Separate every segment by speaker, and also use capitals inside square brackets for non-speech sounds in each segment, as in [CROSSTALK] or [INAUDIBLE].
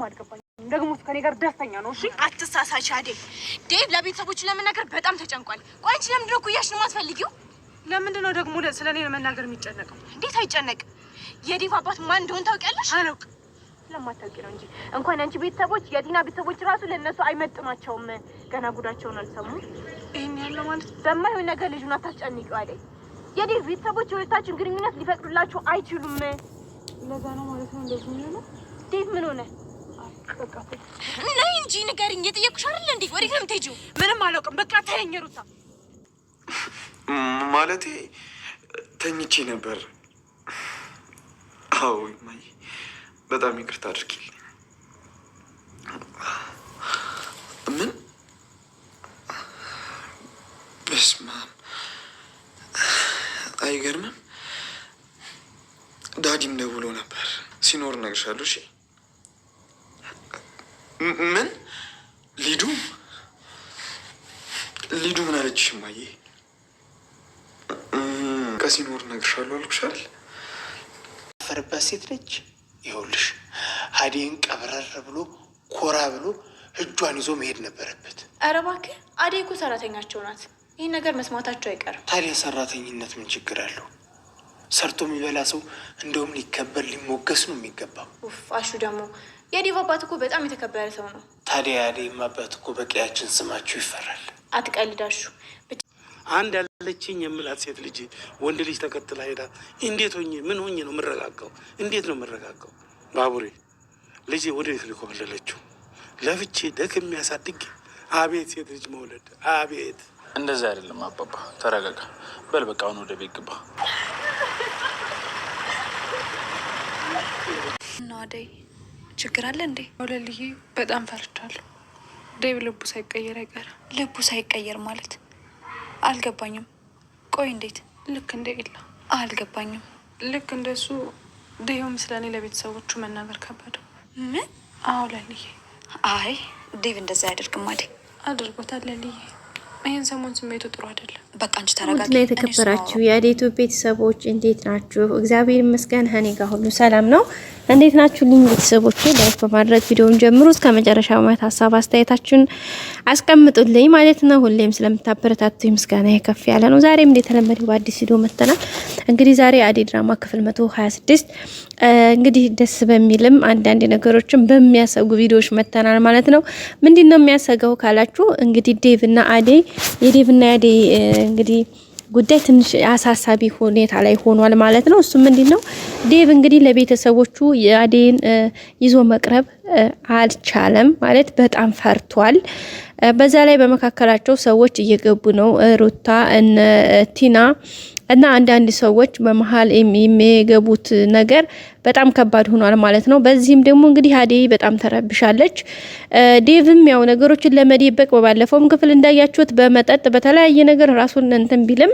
Speaker 1: ምንም አልገባኝ። ደግሞ ከኔ ጋር ደስተኛ ነው። እሺ
Speaker 2: አትሳሳች። አዴ ዴቭ ለቤተሰቦች ለመናገር በጣም ተጨንቋል። ቆይ አንቺ ለምንድን ነው ኩያሽ ነው የማትፈልጊው?
Speaker 1: ለምንድን ነው ደግሞ ስለ እኔ ለመናገር የሚጨነቀው?
Speaker 2: እንዴት አይጨነቅም? የዴቭ አባት ማን እንደሆን ታውቂያለሽ? አላውቅም። ስለማታውቂ ነው እንጂ እንኳን አንቺ ቤተሰቦች፣ የቲና ቤተሰቦች ራሱ ለእነሱ አይመጥናቸውም። ገና ጉዳቸውን አልሰሙም።
Speaker 1: ይህን ያለው ማለት
Speaker 2: በማይሆን ነገር ልጁን አታስጨንቂው አዴ የዴቭ ቤተሰቦች የሁለታችን ግንኙነት ሊፈቅዱላችሁ አይችሉም።
Speaker 1: ለዛ ነው ማለት ነው እንደዚህ ነው።
Speaker 2: ዴቭ ምን ሆነ? ነይ እንጂ ንገሪኝ። የጠየኩሽ አይደል እንዴ? ወዴት ነው የምትሄጂው? ምንም አላውቅም። በቃ ተይኝ ሩታ።
Speaker 3: ማለቴ ተኝቼ ነበር። አዎ እማዬ፣ በጣም ይቅርታ አድርጊልኝ። ምን በስመ አይገርምም። ዳዲም ደውሎ ነበር። ሲኖር እነግርሻለሁ። እሺ ምን ሊዱ ሊዱ ምን አለችሽ? እማዬ ከሲኖር እነግርሻለሁ አልኩሽ አይደል?
Speaker 4: ሴት ነች ይኸውልሽ፣ አዴን ቀብረር ብሎ ኮራ ብሎ እጇን ይዞ መሄድ ነበረበት።
Speaker 2: ኧረ እባክህ አዴ እኮ ሰራተኛቸው ናት። ይህን ነገር መስማታቸው አይቀርም።
Speaker 4: ታዲያ ሰራተኝነት ምን ችግር አለው? ሰርቶ የሚበላ ሰው እንደውም ሊከበር ሊሞገስ ነው የሚገባው።
Speaker 2: አሹ ደግሞ የዲቭ አባት እኮ በጣም የተከበረ ሰው ነው።
Speaker 4: ታዲያ የአደይም አባት እኮ በቀያችን ስማችሁ ይፈራል።
Speaker 2: አትቀልዳሹ።
Speaker 4: አንድ ያለችኝ የምላት ሴት ልጅ ወንድ ልጅ ተከትላ ሄዳ እንዴት ሆኜ ምን ሆኜ ነው የምረጋጋው? እንዴት ነው የምረጋጋው? ባቡሬ ልጅ ወደ ቤት ልኮበለለችው ለፍቼ ደክ የሚያሳድግ አቤት ሴት ልጅ መውለድ አቤት።
Speaker 3: እንደዚህ አይደለም አባባ፣ ተረጋጋ። በል በቃ አሁን ወደ ቤት ግባ።
Speaker 2: እና አደይ ችግር አለ እንዴ?
Speaker 1: አውለልዬ በጣም ፈርቻለሁ። ዴብ ልቡ ሳይቀየር አይቀርም።
Speaker 2: ልቡ ሳይቀየር ማለት አልገባኝም። ቆይ እንዴት? ልክ እንደ ኤላ አልገባኝም።
Speaker 1: ልክ እንደሱ ዴቭም ስለኔ ለቤተሰቦቹ መናገር ከበደው። ምን? አዎ ለልዬ።
Speaker 2: አይ ዴቭ እንደዛ አያደርግም። አዴ
Speaker 1: አድርጎታል ለልዬ። ይህን ሰሞን ስሜቱ ጥሩ አይደለም።
Speaker 2: በቃ አንቺ ተረጋጊ።
Speaker 5: ላይ የተከበራችሁ የአዴቱ ቤተሰቦች እንዴት ናችሁ? እግዚአብሔር ይመስገን እኔ ጋር ሁሉ ሰላም ነው። እንዴት ናችሁ ልኝ ቤተሰቦች? ላይክ በማድረግ ቪዲዮውን ጀምሩ እስከ መጨረሻው ማለት ሀሳብ አስተያየታችሁን አስቀምጡልኝ ማለት ነው። ሁሌም ስለምታበረታቱኝ ምስጋና ከፍ ያለ ነው። ዛሬም እንደተለመደው በአዲስ ቪዲዮ መጥተናል። እንግዲህ ዛሬ አደይ ድራማ ክፍል 126 እንግዲህ ደስ በሚልም አንዳንድ ነገሮችን በሚያሰጉ ቪዲዮዎች መጥተናል ማለት ነው። ምንድን ነው የሚያሰገው ካላችሁ እንግዲህ ዴቭ እና አደይ የዴቭና የአደይ እንግዲህ ጉዳይ ትንሽ አሳሳቢ ሁኔታ ላይ ሆኗል ማለት ነው። እሱ ምንድን ነው ዴቭ እንግዲህ ለቤተሰቦቹ የአዴን ይዞ መቅረብ አልቻለም ማለት በጣም ፈርቷል። በዛ ላይ በመካከላቸው ሰዎች እየገቡ ነው። ሩታ እነ ቲና እና አንዳንድ ሰዎች በመሀል የሚገቡት ነገር በጣም ከባድ ሆኗል ማለት ነው። በዚህም ደግሞ እንግዲህ አዴ በጣም ተረብሻለች። ዴቭም ያው ነገሮችን ለመደበቅ በባለፈውም ክፍል እንዳያችሁት በመጠጥ በተለያየ ነገር ራሱን እንትን ቢልም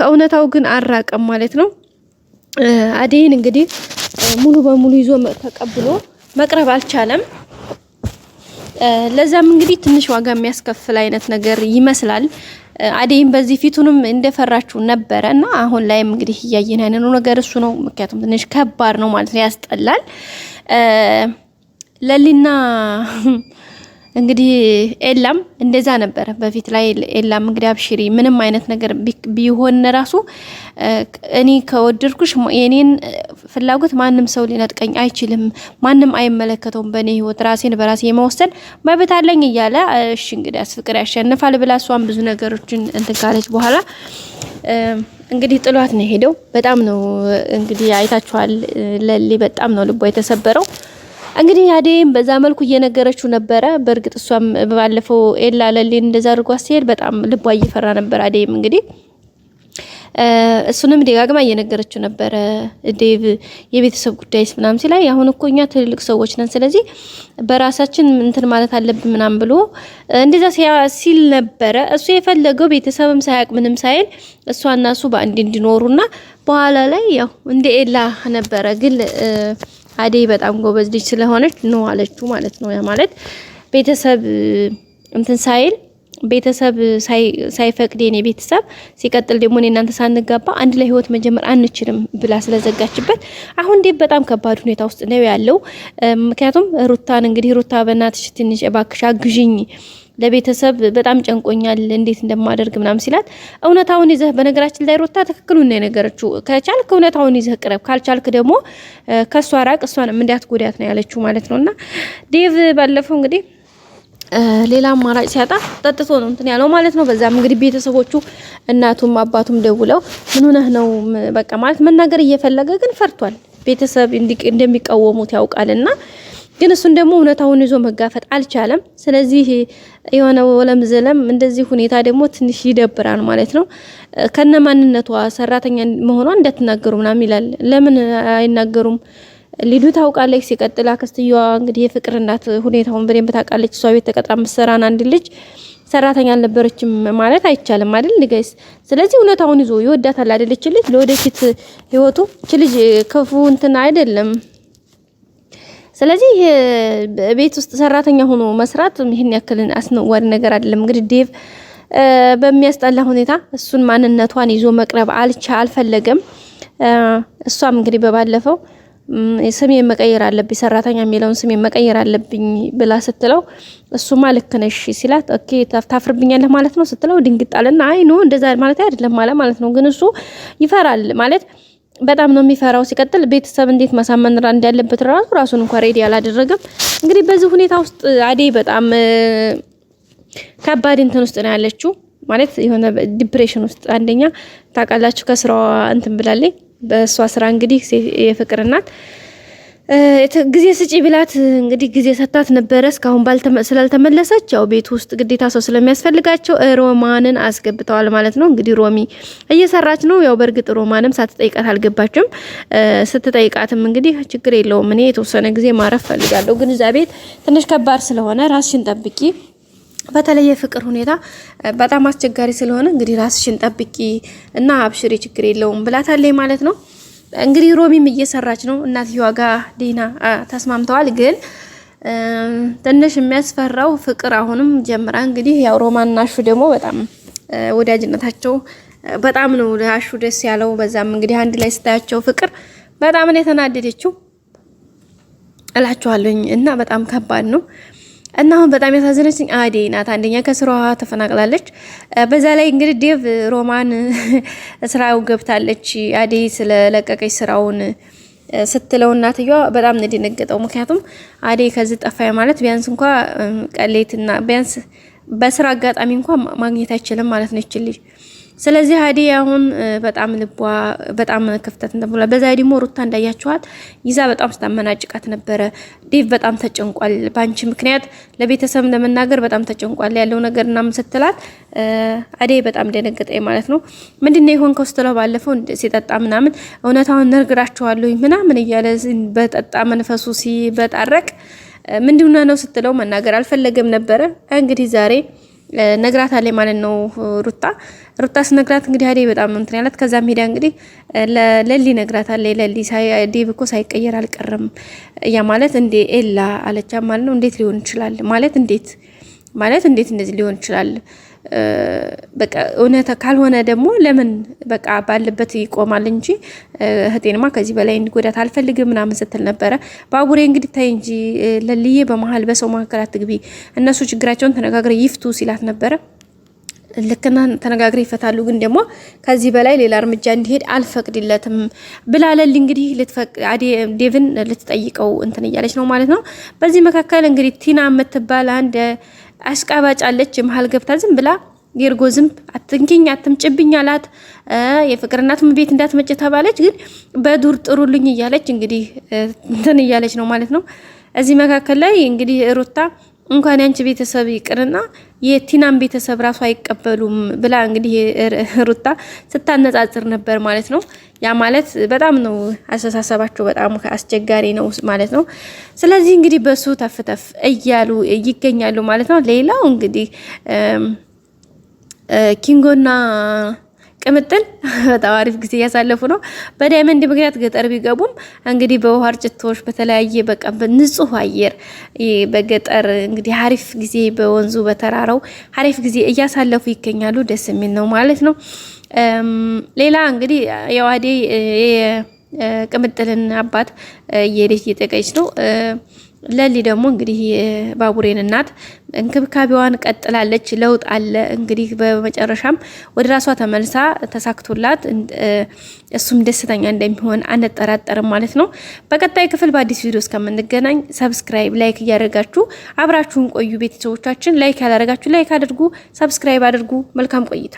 Speaker 5: ከእውነታው ግን አራቀም ማለት ነው። አደይን እንግዲህ ሙሉ በሙሉ ይዞ ተቀብሎ መቅረብ አልቻለም። ለዛም እንግዲህ ትንሽ ዋጋ የሚያስከፍል አይነት ነገር ይመስላል። አደይም በዚህ ፊቱንም እንደፈራችው ነበረ እና አሁን ላይም እንግዲህ እያየን ያለነው ነገር እሱ ነው። ምክንያቱም ትንሽ ከባድ ነው ማለት ነው፣ ያስጠላል ለሊና እንግዲህ ኤላም እንደዛ ነበረ በፊት ላይ። ኤላም እንግዲህ አብሽሪ ምንም አይነት ነገር ቢሆን ራሱ እኔ ከወደድኩሽ የኔን ፍላጎት ማንም ሰው ሊነጥቀኝ አይችልም፣ ማንም አይመለከተውም፣ በእኔ ህይወት ራሴን በራሴ የመወሰን መብት አለኝ እያለ እሺ እንግዲህ ፍቅር ያሸንፋል ብላ እሷን ብዙ ነገሮችን እንትን ካለች በኋላ እንግዲህ ጥሏት ነው ሄደው። በጣም ነው እንግዲህ አይታችኋል። ለሊ በጣም ነው ልቧ የተሰበረው። እንግዲህ አደይም በዛ መልኩ እየነገረችው ነበረ። በእርግጥ እሷም ባለፈው ኤላ ለሌን እንደዛ አድርጓ ሲሄድ በጣም ልቧ እየፈራ ነበር። አደይም እንግዲህ እሱንም ደጋግማ እየነገረችው ነበረ። ዴቭ የቤተሰብ ጉዳይስ ምናምን ሲላይ አሁን እኮ እኛ ትልልቅ ሰዎች ነን፣ ስለዚህ በራሳችን እንትን ማለት አለብን ምናምን ብሎ እንደዛ ሲል ነበረ። እሱ የፈለገው ቤተሰብም ሳያውቅ ምንም ሳይል እሷና እሱ በአንድ እንዲኖሩና በኋላ ላይ ያው እንደ ኤላ ነበረ ግን አደይ በጣም ጎበዝ ልጅ ስለሆነች ነው አለችው ማለት ነው። ያ ማለት ቤተሰብ እንትን ሳይል ቤተሰብ ሳይፈቅድ የኔ ቤተሰብ ሲቀጥል ደግሞ እኔ እናንተ ሳንጋባ አንድ ላይ ህይወት መጀመር አንችልም ብላ ስለዘጋችበት አሁን ዴቭ በጣም ከባድ ሁኔታ ውስጥ ነው ያለው። ምክንያቱም ሩታን እንግዲህ ሩታ በእናትሽ ትንሽ እባክሽ አግዥኝ ለቤተሰብ በጣም ጨንቆኛል፣ እንዴት እንደማደርግ ምናምን ሲላት እውነታውን ይዘህ በነገራችን ላይ ሮታ ትክክሉን ነው የነገረችው። ከቻልክ እውነታውን ይዘህ ቅረብ፣ ካልቻልክ ደግሞ ከእሷ ራቅ፣ እንዲያት እንዳትጎዳት ነው ያለችው ማለት ነው። እና ዴቭ ባለፈው እንግዲህ ሌላ አማራጭ ሲያጣ ጠጥቶ ነው እንትን ያለው ማለት ነው። በዛም እንግዲህ ቤተሰቦቹ እናቱም አባቱም ደውለው ምን ሆነህ ነው በቃ ማለት መናገር እየፈለገ ግን ፈርቷል። ቤተሰብ እንደሚቃወሙት ያውቃልና ግን እሱን ደግሞ እውነታውን ይዞ መጋፈጥ አልቻለም። ስለዚህ የሆነ ወለም ዘለም እንደዚህ ሁኔታ ደግሞ ትንሽ ይደብራል ማለት ነው። ከነ ማንነቷ ሰራተኛ መሆኗ እንዳትናገሩ ምናምን ይላል። ለምን አይናገሩም? ሊዱ ታውቃለች። ሲቀጥል አክስትየዋ እንግዲህ የፍቅር እናት ሁኔታውን በደንብ ታውቃለች። እሷ ቤት ተቀጥራ ምሰራን አንድ ልጅ ሰራተኛ አልነበረችም ማለት አይቻልም አይደል ንገስ። ስለዚህ እውነታውን ይዞ ይወዳታል አይደለች ልጅ ለወደፊት ህይወቱ ልጅ ክፉ እንትን አይደለም። ስለዚህ ቤት ውስጥ ሰራተኛ ሆኖ መስራት ይህን ያክልን አስነዋሪ ነገር አይደለም። እንግዲህ ዴቭ በሚያስጠላ ሁኔታ እሱን ማንነቷን ይዞ መቅረብ አልቻ አልፈለገም። እሷም እንግዲህ በባለፈው ስሜ መቀየር አለብኝ ሰራተኛ የሚለውን ስሜ መቀየር አለብኝ ብላ ስትለው እሱማ ልክ ነሽ ሲላት፣ ኦኬ ታፍርብኛለህ ማለት ነው ስትለው ድንግጣልና አይ ኖ እንደዛ ማለት አይደለም ማለት ነው። ግን እሱ ይፈራል ማለት በጣም ነው የሚፈራው። ሲቀጥል ቤተሰብ እንዴት ማሳመን እንዳለበት ራሱ ራሱን እንኳ ሬዲ አላደረገም። እንግዲህ በዚህ ሁኔታ ውስጥ አዴ በጣም ከባድ እንትን ውስጥ ነው ያለችው። ማለት የሆነ ዲፕሬሽን ውስጥ አንደኛ ታውቃላችሁ፣ ከስራዋ እንትን ብላለኝ በእሷ ስራ እንግዲህ የፍቅር እናት ጊዜ ስጪ ብላት እንግዲህ ጊዜ ሰታት ነበረ። እስካሁን ስላልተመለሰች ያው ቤት ውስጥ ግዴታ ሰው ስለሚያስፈልጋቸው ሮማንን አስገብተዋል ማለት ነው። እንግዲህ ሮሚ እየሰራች ነው። ያው በእርግጥ ሮማንም ሳትጠይቃት አልገባችም። ስትጠይቃትም እንግዲህ ችግር የለውም እኔ የተወሰነ ጊዜ ማረፍ ፈልጋለሁ፣ ግን እዛ ቤት ትንሽ ከባድ ስለሆነ ራስሽን ጠብቂ በተለየ ፍቅር ሁኔታ በጣም አስቸጋሪ ስለሆነ እንግዲህ ራስሽን ጠብቂ እና አብሽሪ ችግር የለውም ብላታለች ማለት ነው። እንግዲህ ሮሚም እየሰራች ነው። እናትየዋ ጋር ዲና ተስማምተዋል። ግን ትንሽ የሚያስፈራው ፍቅር አሁንም ጀምራ እንግዲህ ያው ሮማና አሹ ደግሞ በጣም ወዳጅነታቸው በጣም ነው ለአሹ ደስ ያለው። በዛም እንግዲህ አንድ ላይ ስታያቸው ፍቅር በጣም ነው የተናደደችው እላችኋለኝ እና በጣም ከባድ ነው። እና አሁን በጣም ያሳዘነችኝ አዴ ናት። አንደኛ ከስራዋ ተፈናቅላለች። በዛ ላይ እንግዲህ ዴቭ ሮማን [LAUGHS] ስራው ገብታለች አዴ ስለለቀቀች ስራውን ስትለው እናትየዋ በጣም ነው ምክንያቱም አዴ ከዚህ ጠፋ ማለት ቢያንስ እንኳ ቀሌትና ቢያንስ በስራ አጋጣሚ እንኳ ማግኘት አይችልም ማለት ነው ይችልኝ ስለዚህ ሀዲ አሁን በጣም ልቧ በጣም ክፍተት እንደሞላ በዛ ደግሞ ሩታ እንዳያችኋት ይዛ በጣም ስታመናጭቃት ነበረ። ዴቭ በጣም ተጨንቋል፣ በአንቺ ምክንያት ለቤተሰብ ለመናገር በጣም ተጨንቋል ያለው ነገር እናም ስትላት አዴ በጣም ደነገጠ ማለት ነው። ምንድነው ይሆን ከውስተለው ባለፈው ሲጠጣ ምናምን እውነታውን ነርግራችኋለሁ ምናምን እያለ በጠጣ መንፈሱ ሲበጣረቅ ምንድነው ነው ስትለው መናገር አልፈለገም ነበረ እንግዲህ ዛሬ ነግራት አለ ማለት ነው። ሩታ ሩታ ነግራት እንግዲህ አዴ በጣም እንትን ያላት ከዛ ሄዳ እንግዲህ ለሊ ነግራት አለ ለሊ ዴቭ እኮ ሳይቀየር አልቀረም ያ ማለት እንዴ ኤላ አለቻ ማለት ነው። እንዴት ሊሆን ይችላል ማለት እንዴት ማለት እንዴት እንደዚህ ሊሆን ይችላል በቃ እውነት ካልሆነ ደግሞ ለምን በቃ ባለበት ይቆማል እንጂ እህቴንማ ከዚህ በላይ እንዲጎዳት አልፈልግም ምናምን ስትል ነበረ። ባቡሬ እንግዲህ ታይ እንጂ ለልዬ በመሀል በሰው መካከል አትግቢ፣ እነሱ ችግራቸውን ተነጋግረ ይፍቱ ሲላት ነበረ። ልክና ተነጋግረ ይፈታሉ፣ ግን ደግሞ ከዚህ በላይ ሌላ እርምጃ እንዲሄድ አልፈቅድለትም ብላለል እንግዲህ ዴቭን ልትጠይቀው እንትን እያለች ነው ማለት ነው። በዚህ መካከል እንግዲህ ቲና የምትባል አንድ አስቀባጫለች አለች። መሀል ገብታ ዝም ብላ የእርጎ ዝንብ አትንኪኝ አትምጭብኝ አላት። የፍቅር እናትም ቤት እንዳትመጭ ተባለች። ግን በዱር ጥሩልኝ እያለች እንግዲህ እንትን እያለች ነው ማለት ነው። እዚህ መካከል ላይ እንግዲህ ሩታ እንኳን ያንቺ ቤተሰብ ይቅርና የቲናን ቤተሰብ ራሱ አይቀበሉም ብላ እንግዲህ ሩታ ስታነጻጽር ነበር ማለት ነው። ያ ማለት በጣም ነው አስተሳሰባቸው በጣም አስቸጋሪ ነው ማለት ነው። ስለዚህ እንግዲህ በሱ ተፍተፍ እያሉ ይገኛሉ ማለት ነው። ሌላው እንግዲህ ኪንጎና ቅምጥል [LAUGHS] በጣም አሪፍ ጊዜ እያሳለፉ ነው። በዳይመንድ ምክንያት ገጠር ቢገቡም እንግዲህ በውሃ ርጭቶች፣ በተለያየ በቃ በንጹህ አየር በገጠር እንግዲህ አሪፍ ጊዜ በወንዙ በተራራው አሪፍ ጊዜ እያሳለፉ ይገኛሉ። ደስ የሚል ነው ማለት ነው። ሌላ እንግዲህ የዋዴ ቅምጥልን አባት እየሄደች እየጠቀች ነው ለሊ ደግሞ እንግዲህ ባቡሬን እናት እንክብካቤዋን ቀጥላለች። ለውጥ አለ እንግዲህ በመጨረሻም ወደ ራሷ ተመልሳ ተሳክቶላት እሱም ደስተኛ እንደሚሆን አንጠራጠርም ማለት ነው። በቀጣይ ክፍል በአዲስ ቪዲዮ እስከምንገናኝ ሰብስክራይብ፣ ላይክ እያደረጋችሁ አብራችሁን ቆዩ። ቤተሰቦቻችን ላይክ ያላደረጋችሁ ላይክ አድርጉ፣ ሰብስክራይብ አድርጉ። መልካም ቆይታ